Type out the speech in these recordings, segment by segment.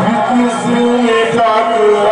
Bitmesini takla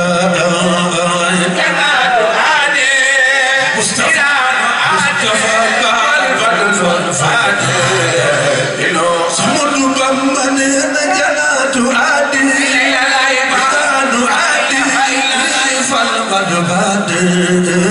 mm-hmm.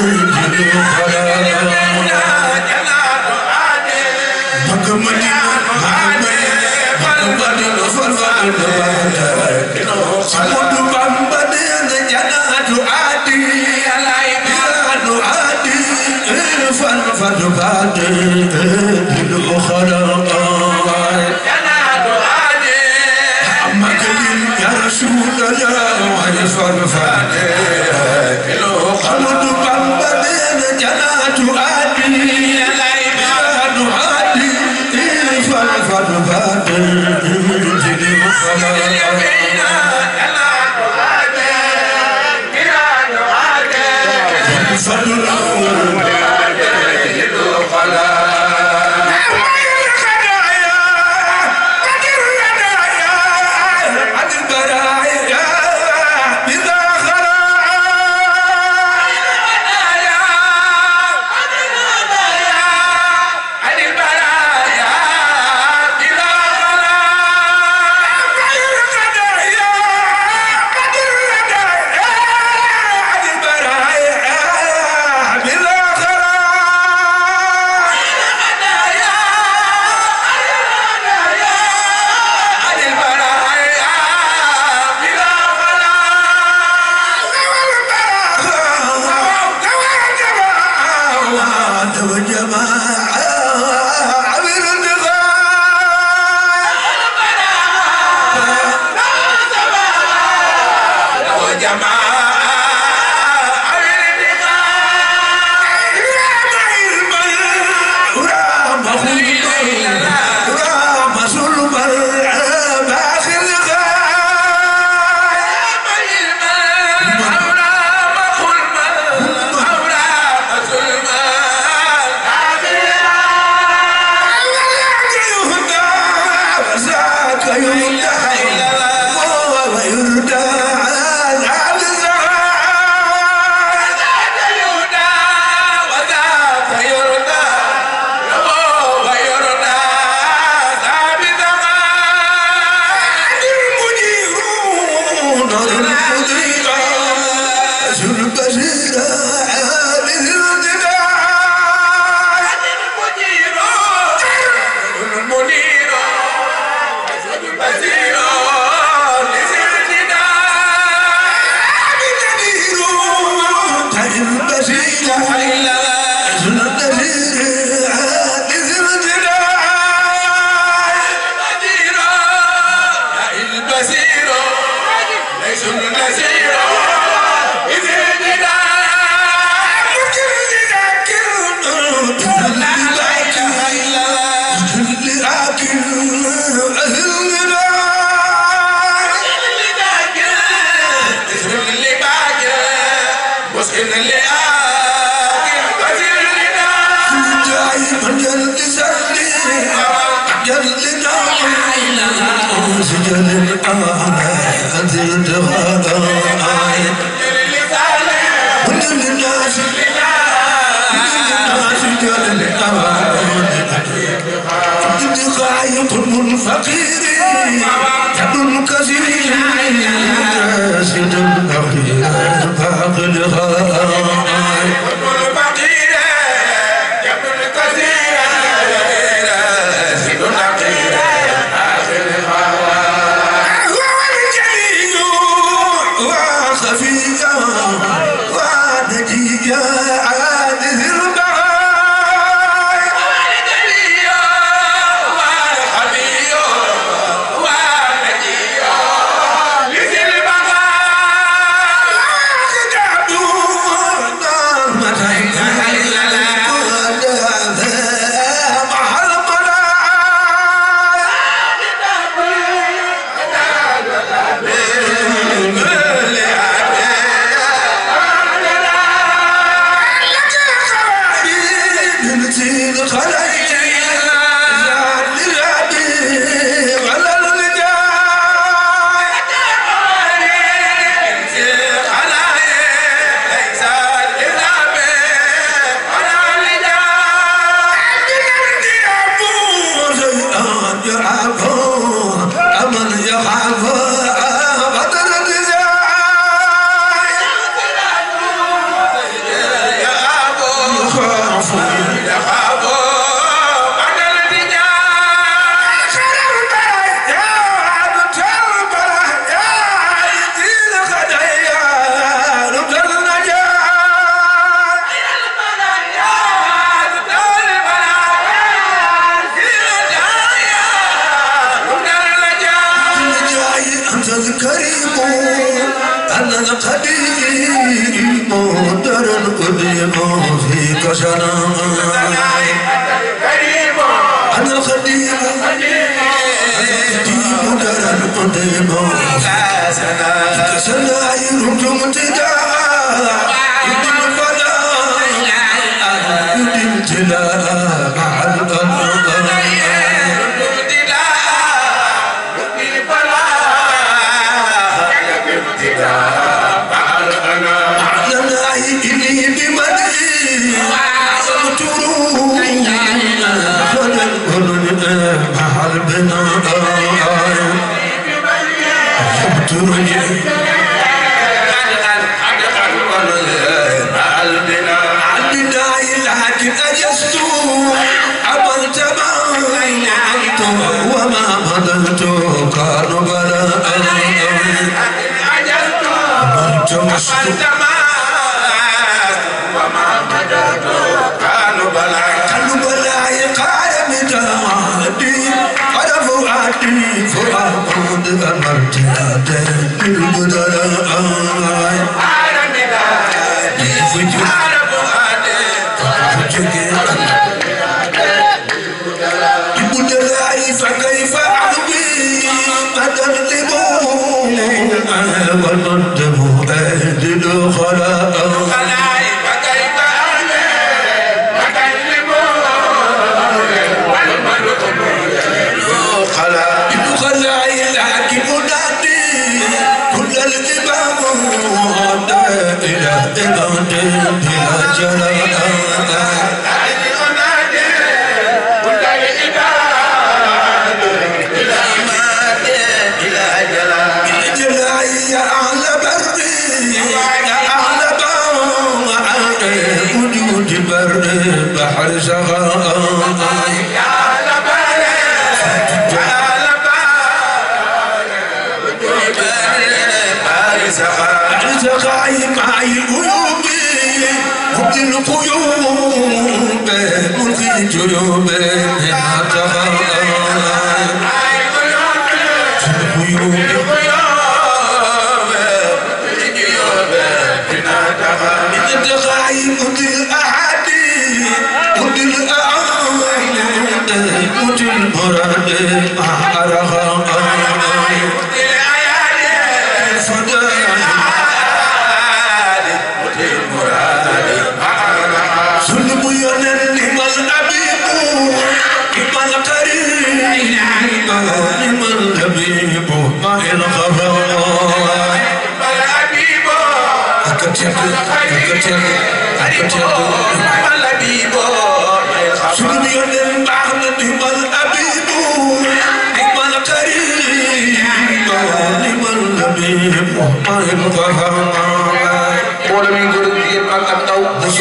موت الغرب أحرقا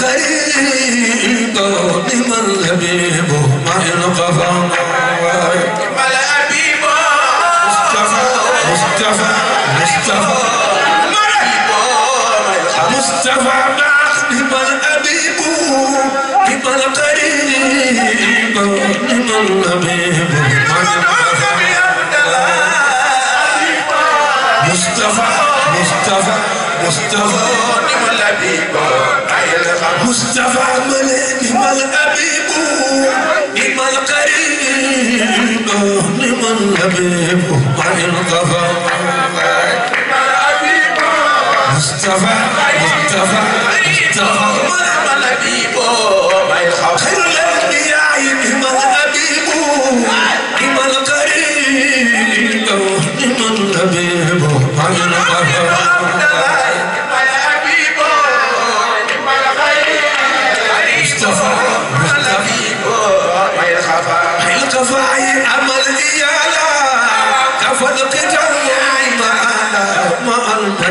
خيب لمن لبيب ما انقضى مال أبيب مصطفى مصطفى مصطفى مصطفى لمن أبيب لمن قريب لمن لبيب مصطفى نعم ابيبو نعم قريب نعم ابيبو من قفا مصطفى مصطفى مصطفى نعم الحبيب خير الانبياء نعم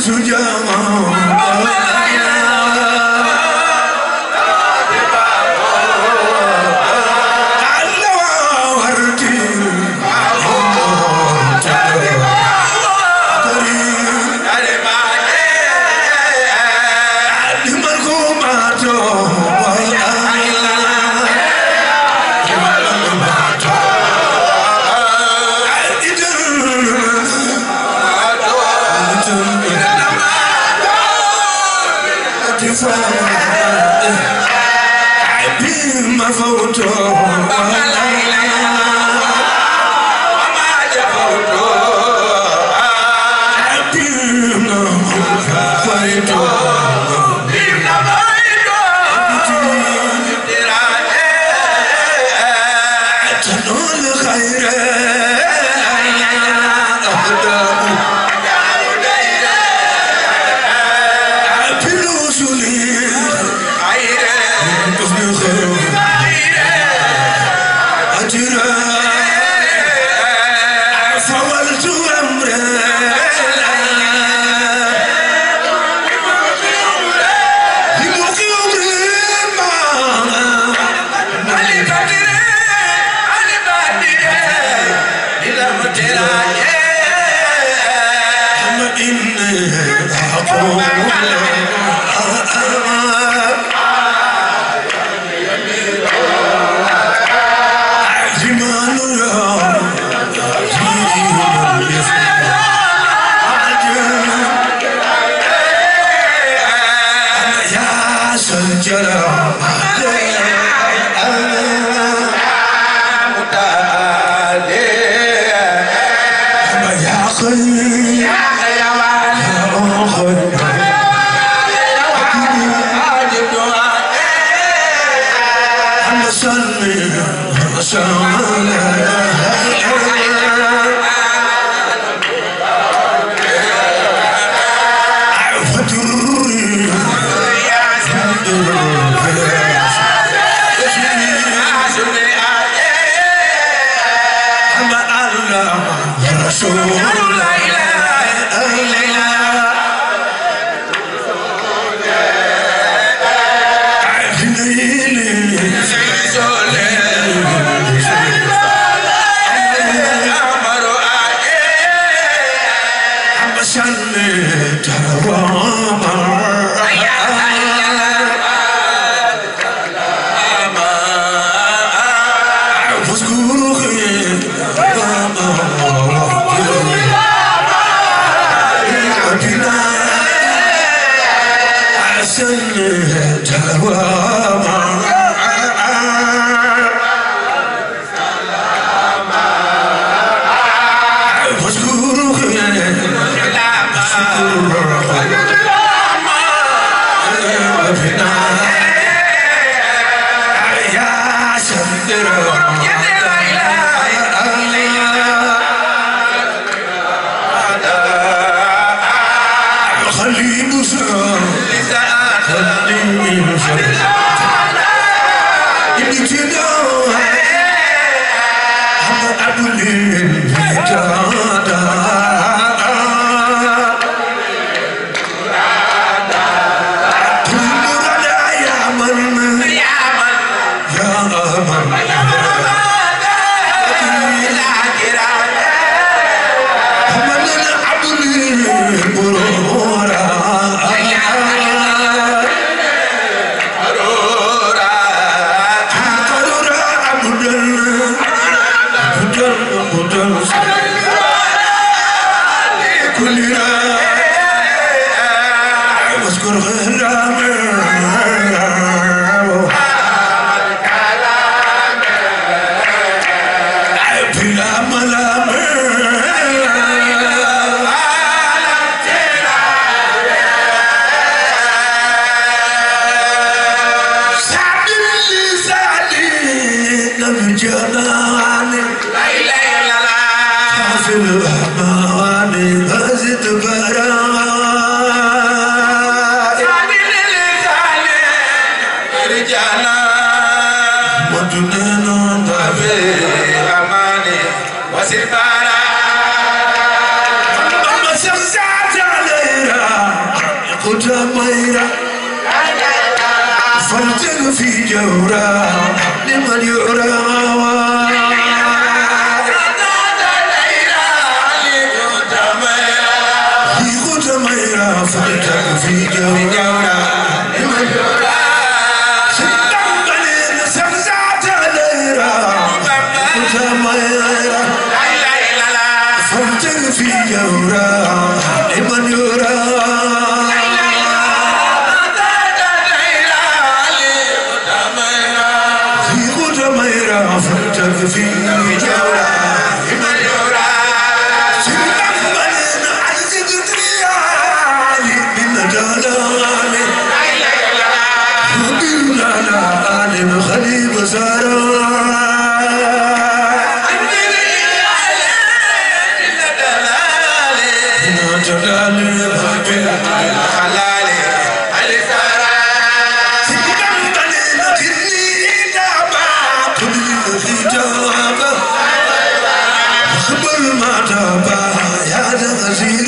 sucağında Brasil.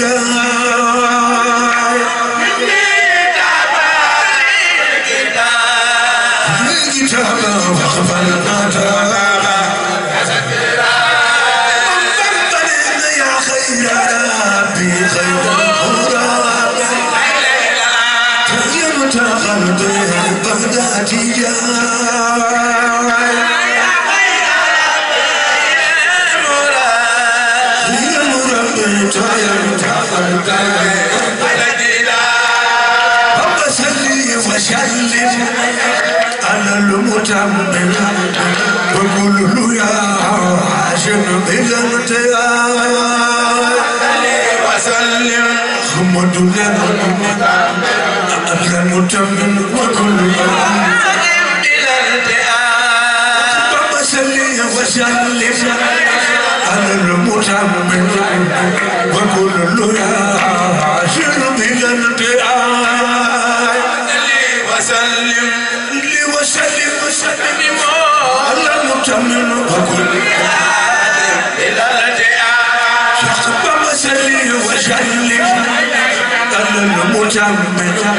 لنا أحلى متمم وكل يوم إلى الدعاء فصلي وسلم على المتمم وكل عاشر إلى الدعاء وسلم لي وسلم وسلم على المتمم وكل يوم nomuta mumeta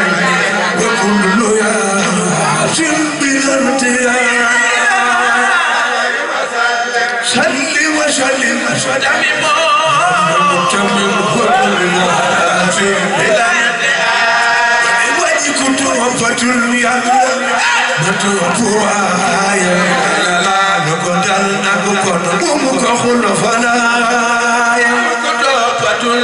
wekululuya simbilarutiya salli wasallim wasadamimo mutamimukwamina simbilarutiya wajikutuwa fatuluyanga natuwapuwa yalala nokondalnakukono mumukahulofana yakutopatul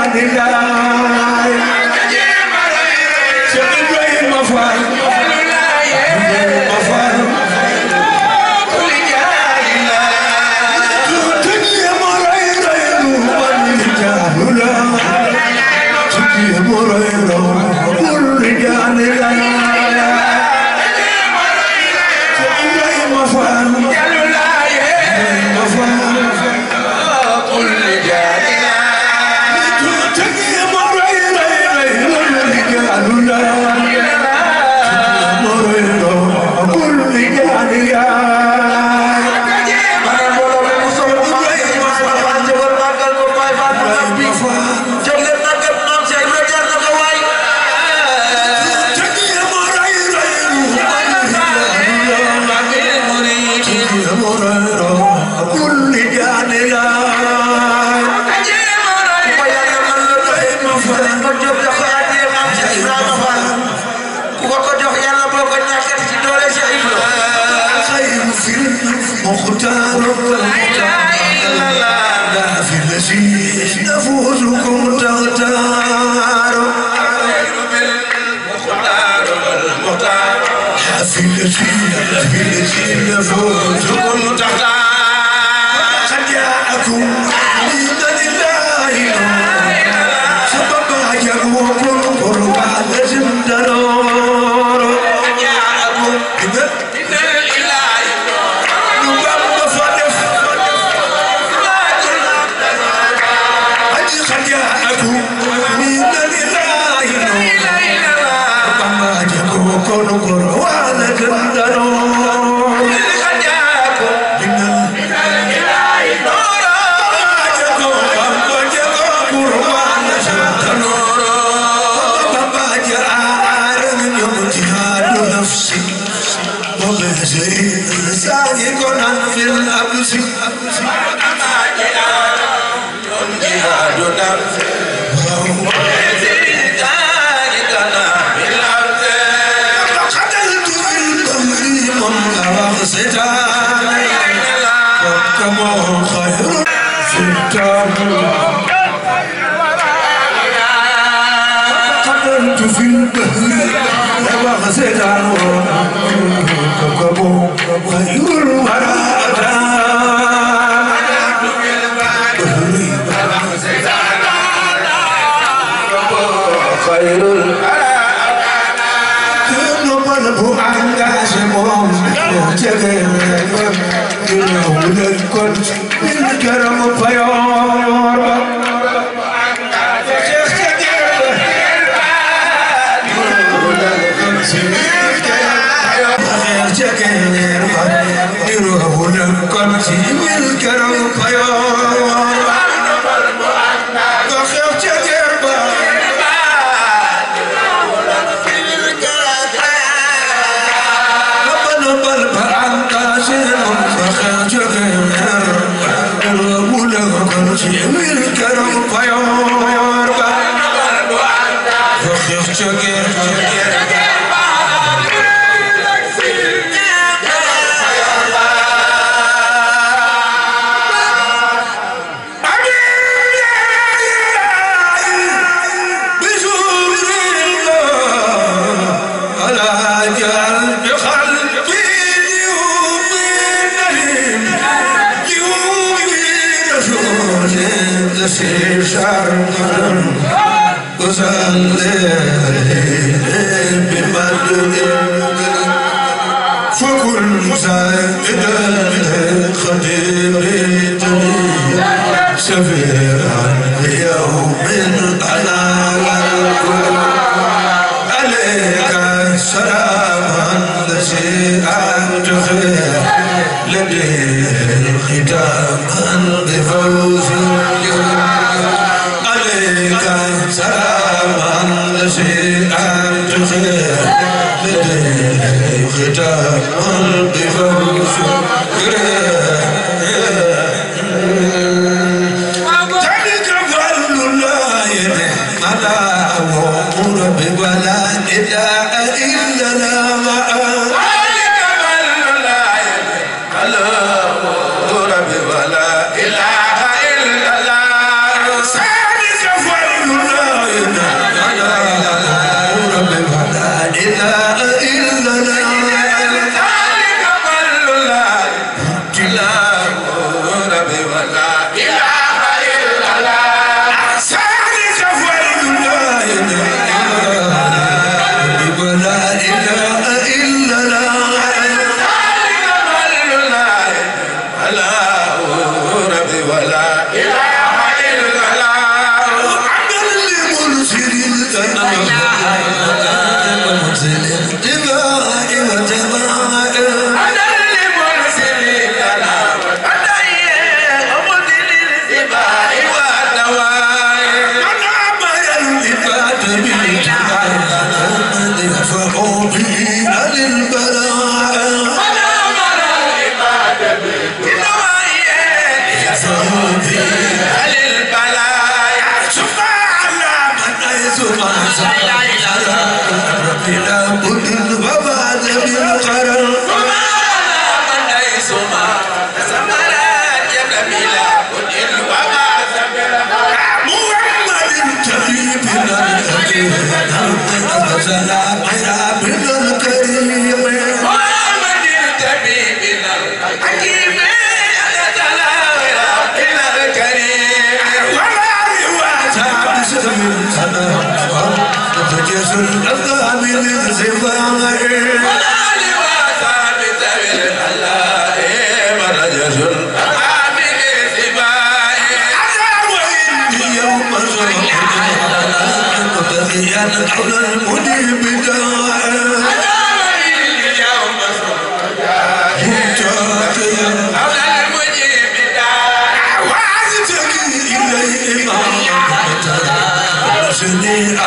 I'm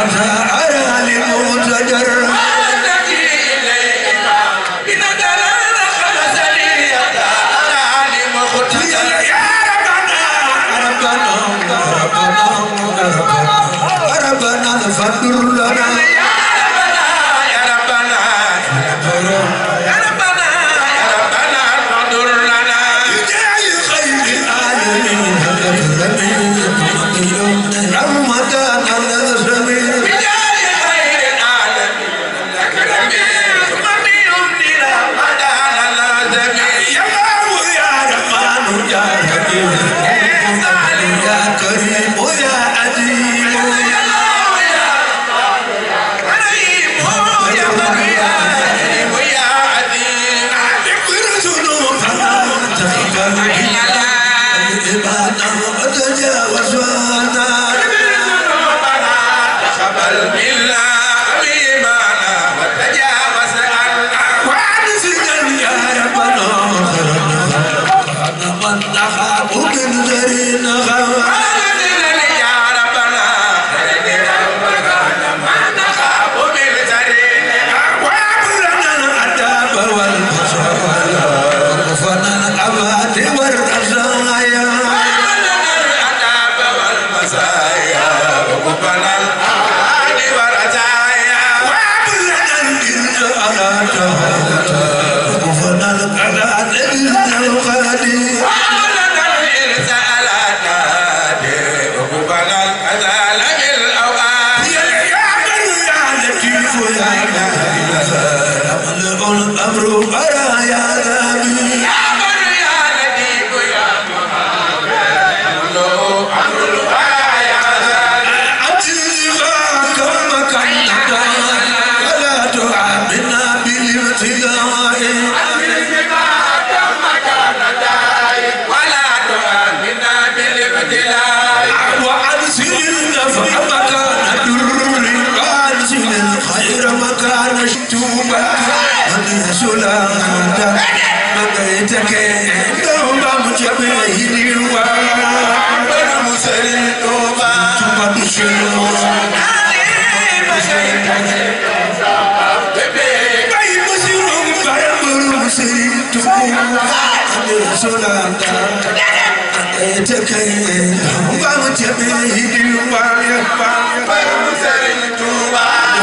أخير المنتجر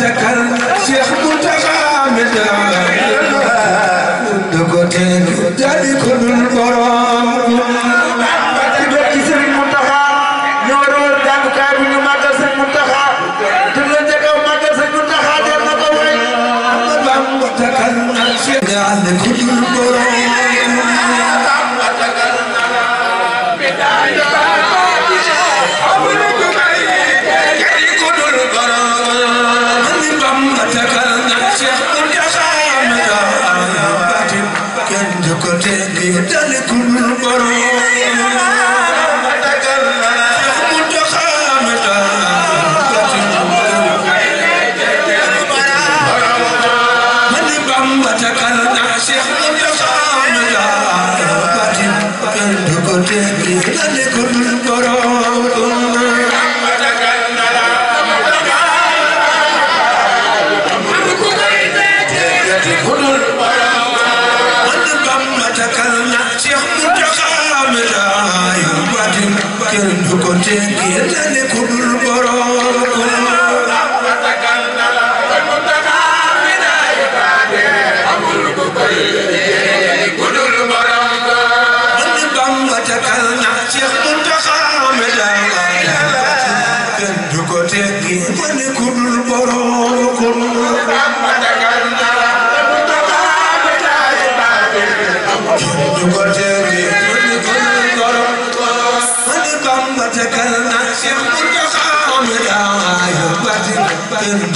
تكلم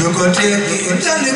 You could take the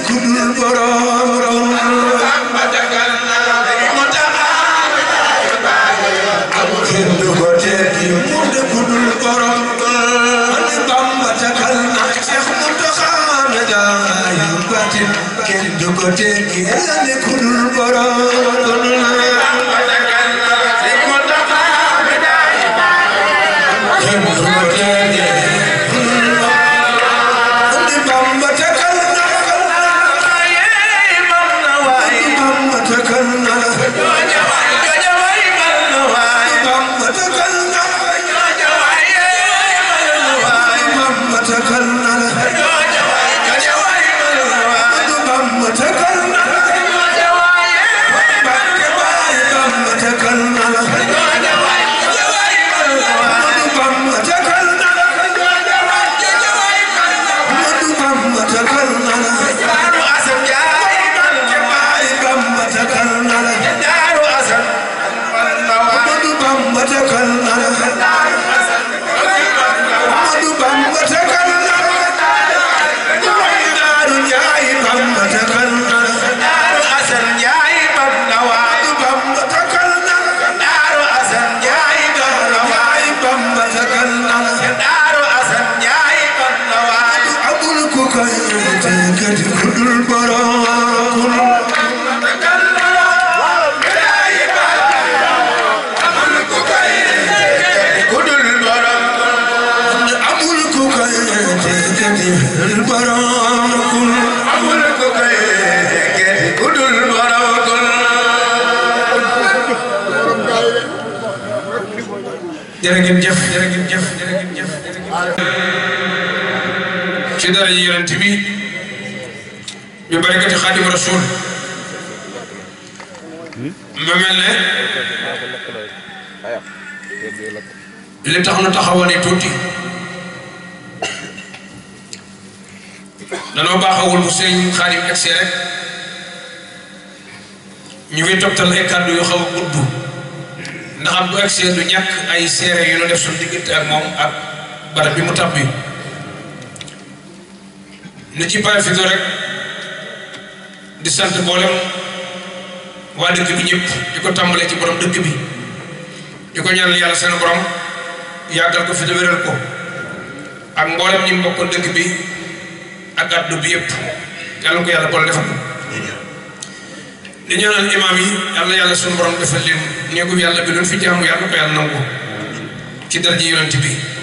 barab bi mu tàbbi na ci profité rek di sant mboolem waa dëkk bi ñëpp di ko tàmbalee ci borom dëkk bi di ko ñaanal yàlla seen borom yàggal ko fi te wéral ko ak mboolem ñi mbokkoon dëkk bi ak addu bi yëpp yàlla ko yàlla boole defal ko ñaanal imaam yi yàlla yàlla sunu borom defal leen néegu yàlla bi doon fi jaamu yàlla ko yàlla nangu ci daraja yonent bi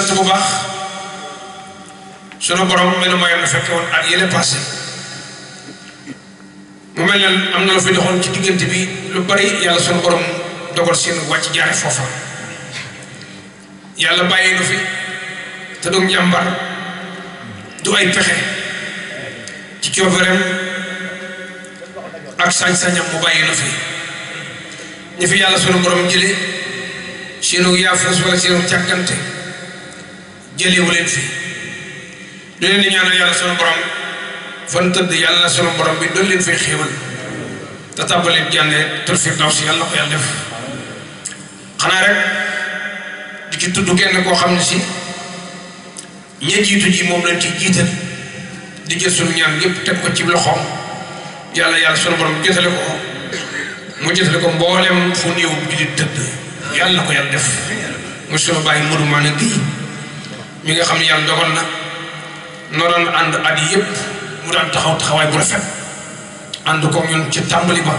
sant bu baax sunu borom mel na mooy mu fekke woon ak yële passé mu mel ne am na lu fi doxoon ci diggante bi lu bari yàlla sunu borom dogal seen wàcc jaare foofa yàlla bàyyi nu fi te du njàmbar du ay pexe ci coobareem ak sañ-sañam mu bàyyi nu fi ñu fi yàlla sunu borom jëlee seenu yaafus wala seenu càggante jëlewu leen fi di leen di ñaanal yàlla sunu borom fan tëdd yàlla na sunu borom bi doon leen fay xéewal te tàbbaleen jànne tur firdaws yàlla ko yàlla def xanaa rek di ci tudd kenn koo xam ne si ña jiitu ji moom lañ ci jiital di jël sunu ñaan yépp teg ko ci loxoom yàlla yàlla sunu borom jëtale ko mu jëtale ko mboolem fu néew bi di tëdd yàlla ko yàlla def mu sunu bàyyi mudu maa mi nga xam ne yàlla dogal na noonu ànd at yëpp mu daan taxaw taxawaay bu rafet ànd ko ñun ci tàmbali ba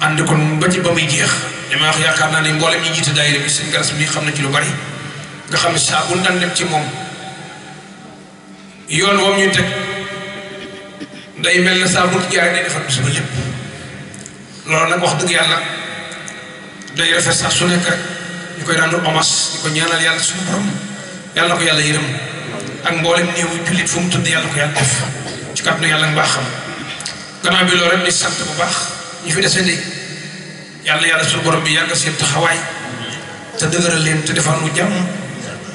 ànd ko ba ci ba muy jeex li wax yaakaar naa ne mboolem ñi jiite daayira bi xam na ci lu bari nga xam ne saa bu daan ci moom yoon woom ñu teg day mel na saa bu jaay day defar bisuma lépp loolu nag wax dëgg yàlla day rafet saa su nekk rek ñu koy daan hommage ñu ko ñaanal yàlla suñu borom yalla ko yalla yeeram ak mboolem néewu julit fu mu tudd yalla ko yalla def ci kaddu yalla nga baxam kana bi lo rek di sant bu bax ñu fi desee ni yalla yalla suñu borom bi yalla seen taxaway te dëgëral leen te defal nu jam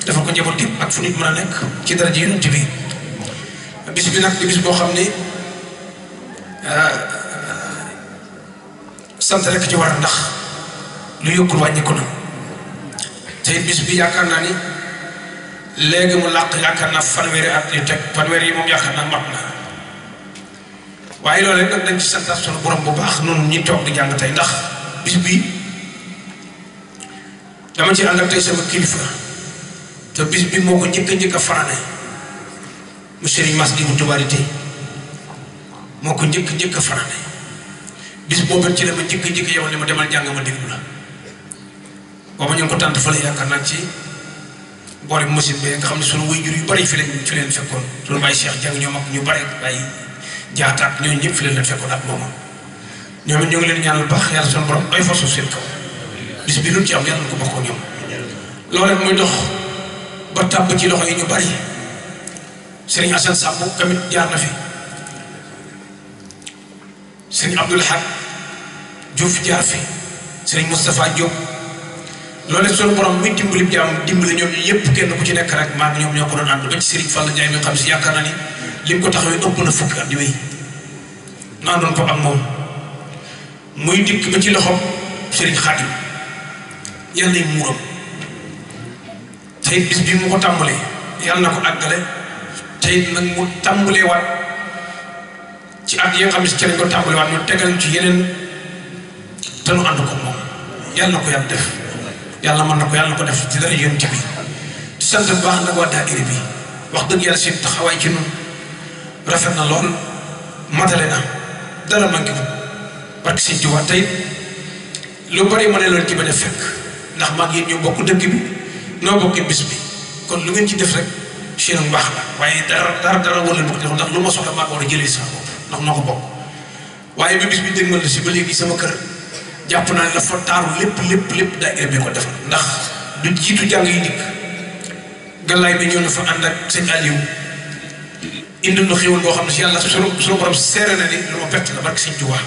dafa ko njaboot yëpp ak fu nit mën nek ci dara ji yonent bi bis bi nak di bis bo xamni ah, sant rek ci war ndax lu yokul wàññi ko na te bis bi yakarna ni legi mu laq yaakaar naa fanweeri at yu teg fanweeri yi moom yaakaar naa mat na waaye dañ ci santaat sunu borom bu baax noonu ñi tok di jang tay ndax bis bi dama ci andak tay sama kilifa te bis bi moko ko njëkk faane mu seri masdi gi mu tubaarite moko ko njëkk faane bis bobu ci la ma njëkk yow ne ma demal jang ma déglu la booba ñu ko tante fa la yaakaar ci boori musib bi nga xam ne sunu wayjur yu bari fi leen fi leen fekkoon sunu bàyyi cheikh jàng ñoom ak ñu bari bàyyi ak ñooñu ñëpp fi leen leen fekkoon ak moom ñoom ñu ngi leen ñaanal baax yàlla sunu borom ay fa suuf seen kaw bis bi lu ci am yàlla ko bokkoo ñoom loolu rek muy dox ba tàbb ci loxo yi ñu bari Serigne Assane Samb tamit jaar na fi Serigne Abdoul Hak Diouf jaar fi Serigne Moustapha Diop loolu suñu borom muy dimbali jàmm dimbali ñoom ñu yëpp kenn ku ci nekk rek maa ngi ñoom ñoo ko doon ànd ba ci Serigne Fallou Ndiaye mi xam si li mu ko taxawee ëpp na fukki at yooyu naandoon ko ak dikk ci loxoom Serigne yi muuram tey bis bi mu ko tàmbalee yàlla na ko àggale tey nag mu tàmbalee waat ci at yi xam ne si kenn ko tàmbalee waat ñu ci yeneen te nu ànd ko moom yàlla na ko yàlla def. yàlla mën na ko yàlla ko def ci dara yonent bi di sant bu baax nag waa daayira bi wax dëgg yàlla seen taxawaay ci noonu rafet na lool matale na dara manqué ko barke sëñ Tuubaa tey lu bari ma ne loolu ci ba def fekk ndax maa ngi ñoo bokk dëkk bi noo bokki bis bi kon lu ngeen ci def rek seen mbaax la waaye dara dara dara wala lu def ndax lu ma soxla maa ko war jëlee sama bopp ndax noo ko bokk waaye bi bis bi dégmal na si ba léegi sama kër japp na la fa taaru lepp lepp lepp daayira bi ko def ndax du jitu jang yi dik galay bi ñu fa and ak seigne aliou indi lu xewul bo xamne ci yalla suñu suñu borom séré na ni lu pet la bark seigne touba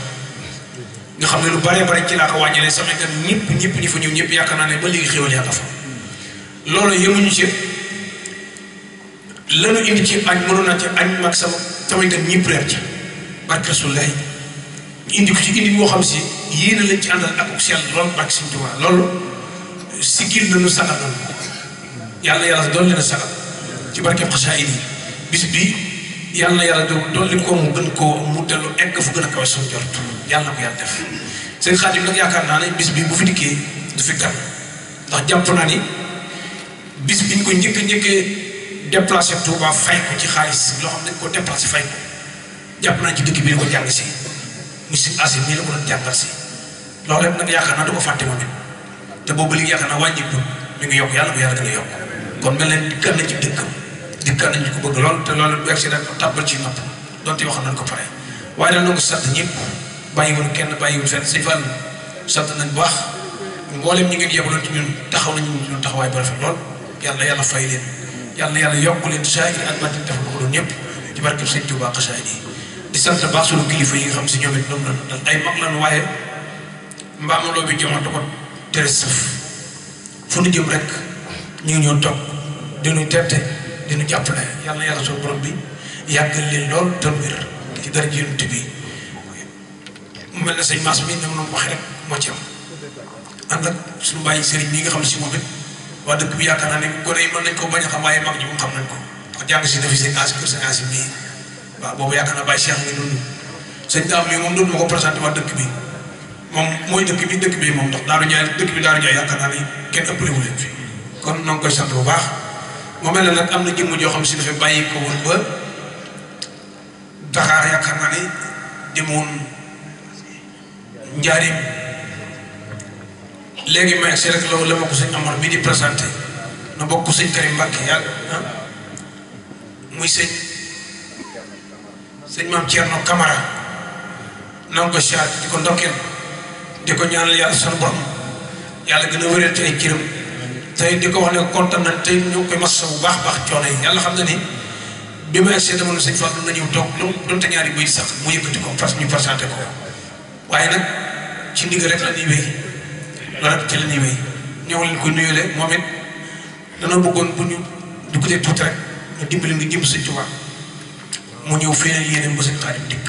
nga xamne lu bari bari ci la ko wajale sama kan ñepp ñepp ñi fa ñew ñepp yakarna ne ba legi xewul ya fa lolu ñu ci lañu indi ci agn mënu na ci agn mak sama tamay kan ñepp reer ci bark sulay indi ko ci indi yoo xam ci yeena la ci andal ak ci sell lool ak suñ lool loolu na nu saxatal yalla yalla do leena saxal ci barke xasaayid bis bi yalla yalla do do li ko mu gën ko mu delu ek fu gën ko kawe suñ jort yalla ko yalla def seen khadim nak yakar na ne bis bi bu fi dikke du fi gam ndax japp na ni bis bi ko ñeek ñeek déplacer touba fay ko ci xaalis lo xam dañ ko déplacer fay ko japp na ci dëkk bi ko jàng si musique asim nii la ko doon jàppal si loolu yëpp nag yaakaar naa du ko fàtte moom te boobu léegi yaakaar naa wàññi ko ngi yokk yàlla bu yàlla gën a kon mel leen dikkan nañ ci dëkkam dikkan ko bëgg lool te loolu bu egsi rek tàbbal ci nopp donte wax nañ ko pare waaye dañ ko sant ñëpp bàyyiwul kenn bàyyi bàyyiwul fenn si fan sant nañ baax mboolem ñi ngeen yebaloon ci ñun taxaw nañu ñun taxawaay bu rafet lool yàlla yàlla fay leen yàlla yàlla yokk leen sa yi ak batin dafa ko doon ñëpp ci barkeb sëñ Tuubaa xasaay yi di sant baax suñu kilifa yi nga xam si ñoom it ñoom dañ ay mag lan waaye mbaamuloo bi nu jëm rek ñu ngi ñoo toog dinu terte dinu jàppale yàlla na yàlla suñu borom bi yàggal leen lool te wér ci bi mu mel ne sëñ Mass mi nam waxee rek moo ci am ànd ak nga xam si moom it waa dëkk bi yaakaar naa ne gone nañ ko bañ a xam jàng si na fi sëñ Asi kër sëñ Asi boobu yaakaar naa bàyyi Cheikh mi dund sëñ daam mi moom doon ma ko présenté waa dëkk bi moom mooy dëkk bi dëkk bi moom ndax Daaru Njaay dëkk bi Daaru Njaay yaakaar naa ni kenn ëppale wu leen fi kon noo ngi koy sant bu baax mu mel ne nag am na xam si dafa bàyyi ko woon ba Dakar yaakaar naa ni demoon njaarim léegi ma si rek loolu la ma Amar mi di présenté na bokk sëñ Karim Mbacke yàlla muy sëñ sëñ maam Thierno Camara na nga ko siyaat di ko ndokkeel di ko ñaanal yàlla sunu borom yàlla gën a wéral ci ay cëram tey di ko wax ne kontaan nañ tey ñu koy massa bu baax baax coono yi yàlla xam na ni bi ma essayé dama ne sëñ Fall na ñëw toog lu donte ñaari bëy sax mu yëkkati ko fas ñu présenté ko waaye nag ci ndigal rek la ñuy wéy loolu rek ci la wéy ñëw leen ko nuyulee moom it danoo bëggoon bu ñu dugalee tuuti rek ñu dimbali nga jëm sëñ Tuubaa mu ñëw feeral yéen ba seen xaadim dikk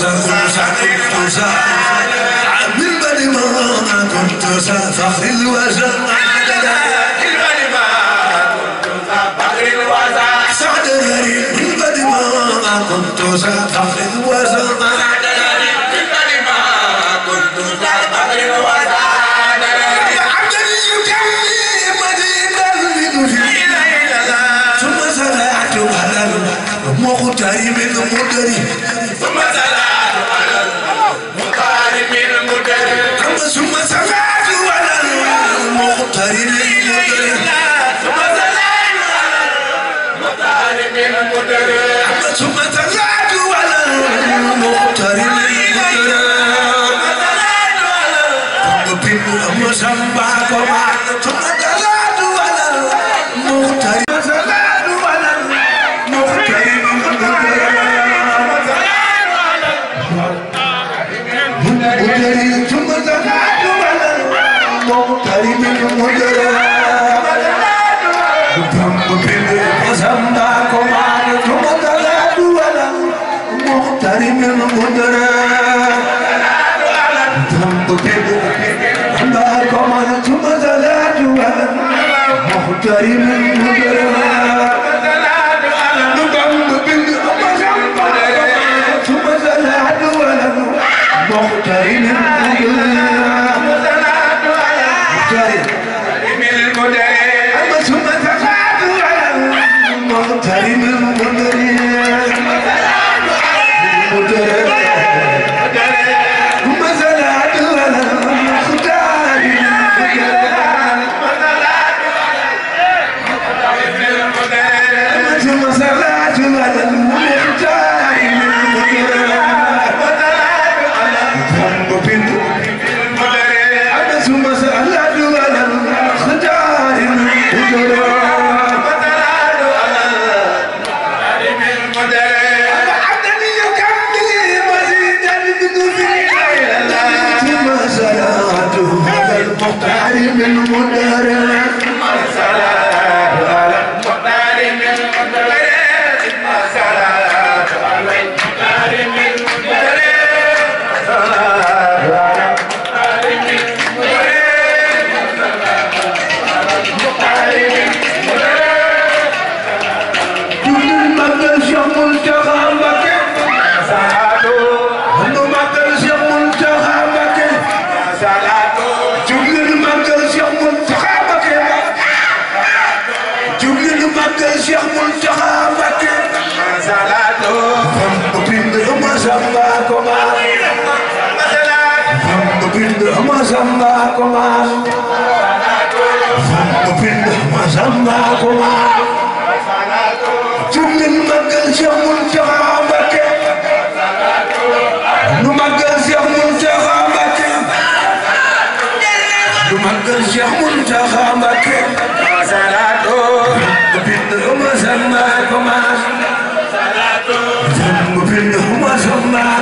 سافوسة قدوسة عبد البلمة قدوسة فخر الوجه سعد غريب البدماء قدوسة فخر الوزراء Somebody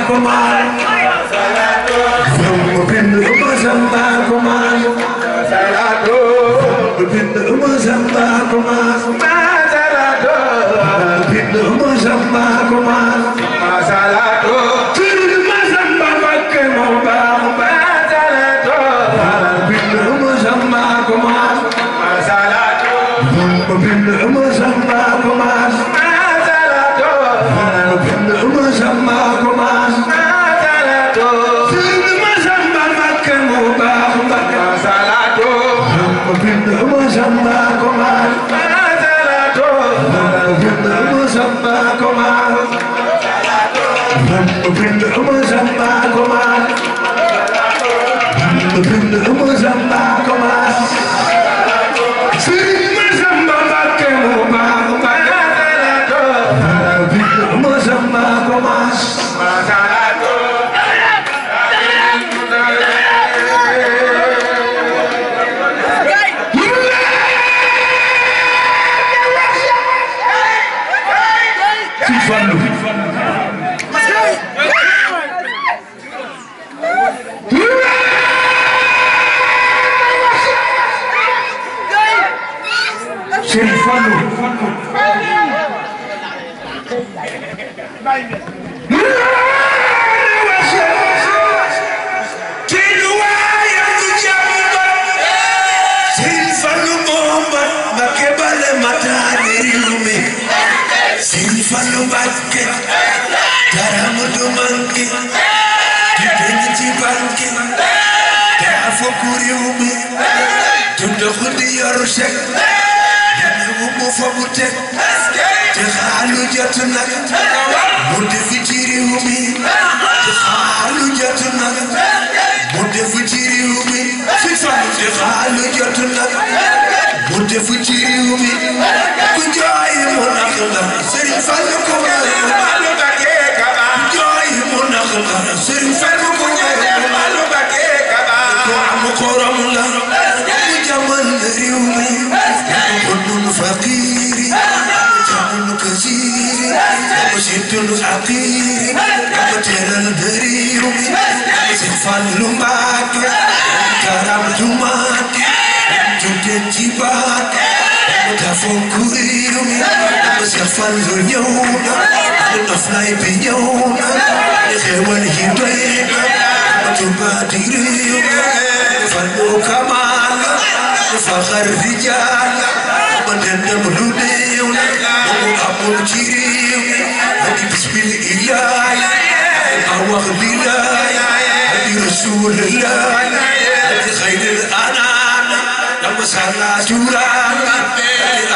Samba Kuma the Ramazan teg lu mu fa mu teg te xaalu jot nag mu def ci réew mi te xaalu jot nag mu def ci réew mi fi fan te xaalu jot nag mu def ci réew mi ku jooy mu nax la Serigne Fall ko mu ko ko Come on. saxar di jaar ba dendam lu néew mu amul ci réew ak bismillah ak wax li laay ak rasul laay ak xayril anam dama sala juran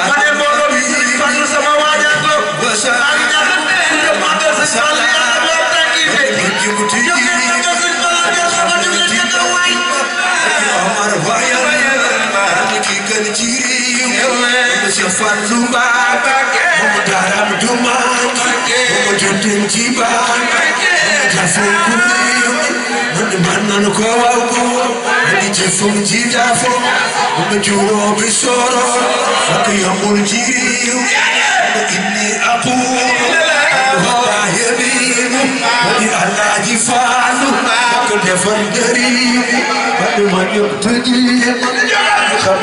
ma ne mbolo bi fatu sama waja ko ba sa ak ñaan ko ma def sala ma takife jëguti jëguti ko la def sama jëguti ko way Omar Bayal ki gën ci réew mi Cheikh Fallou Mbacké moom daaram du mank moom jottin ci baax jafon ku réew mi man nan ko waw ko ni jafon ji dafon moom juróom bi soro ak yamul ci réew inni abu wallahi bimu ni Allah ji Fallou ko defal dëri man man yëpp tëjee ku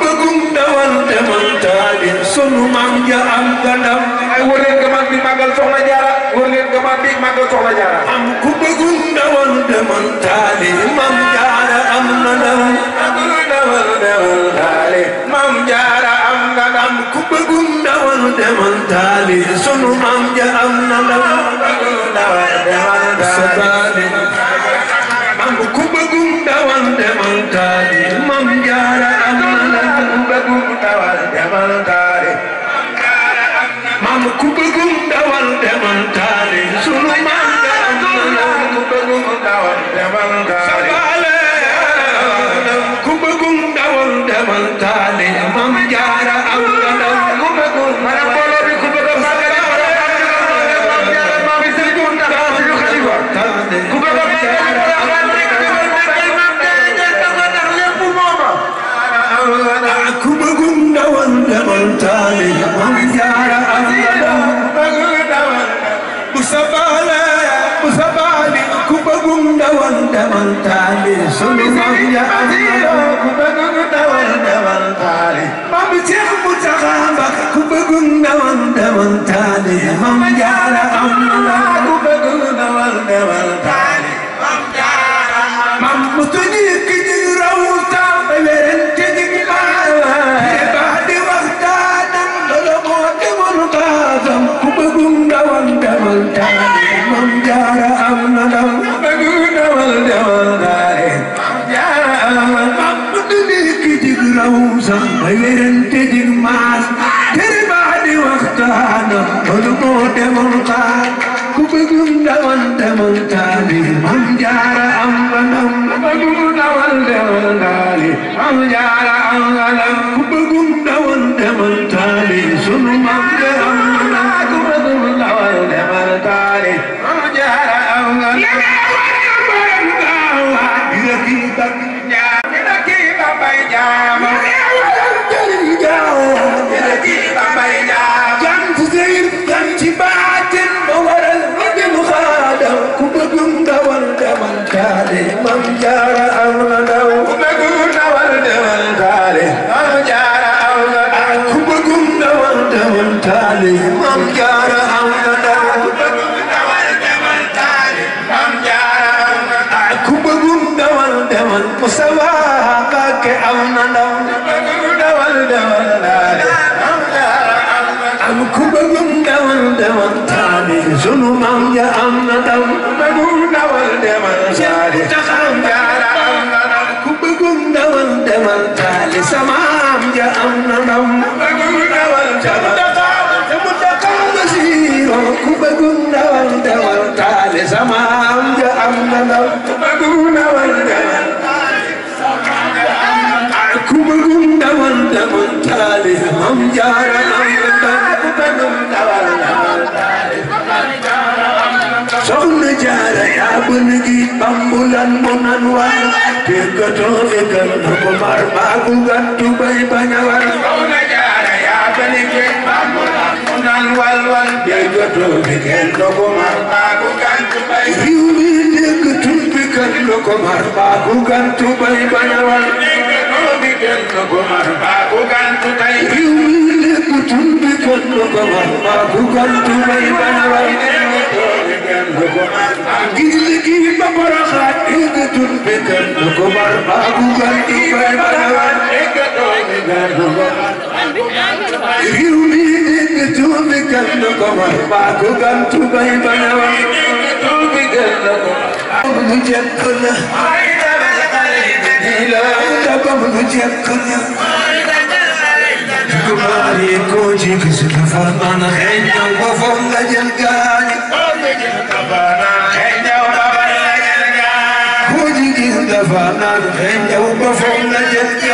bëgg sunu maam ja am nga ndam ay wër leen gamaan bi màggal soxna jaara wër leen gamaan bi màggal soxna jaara am ku bëggul am na ndam am ndawal demal am na ndam تالي ومزيارة أغلى مسبالة مسبالة كبغم دوان دوان تالي سلمان يا أغلى كبغم دوان دوان تالي مام تير متغامك كبغم دوان دوان تالي مام جارة أغلى كبغم دوان دوان تالي مام جارة أغلى مام متنيك المنتالي أم جار أم بنم بدون والدلالي أم جار Zulu Manja am na dam demal taali taxam jaara am na ndam ku bëggum dawal demal taali sama am ja am na ndam ku bëggum dawal demal taali mu daqam basiiro ku bëggum dawal demal taali sama am ja am na ndam ku bëggum dawal demal taali sama am ja am na ndam ku bëggum dawal demal taali mam jaara am na ndam ku bëggum dawal soxna jaara yaa bën gi bambulan mu nan war tekkatoo fekkal na ko mar baa ku gàttu bay bañ a war soxna jaara yaa bën gi bambulan mu nan wal wal tekkatoo fekkal na ko mar baa ku gàttu bay riw mi tekkatul fekkal na ko mar baa ku gàttu bay bañ a war tekkatoo fekkal na ko mar baa ku gàttu bay riw mi tekkatul fekkal na ko mar baa ku gàttu bay bañ a war بكمر عقيلك بمرخات إيقة بكر بكمر أبوكر إيقة بكمر يومي إيقة بكر بكمر باكوكر تبعي بنوار مجكنا لا تبم مجكنا كماري كوجي كسر فما نخيل وفم لجل قال فناديناه ففعلنا جميعا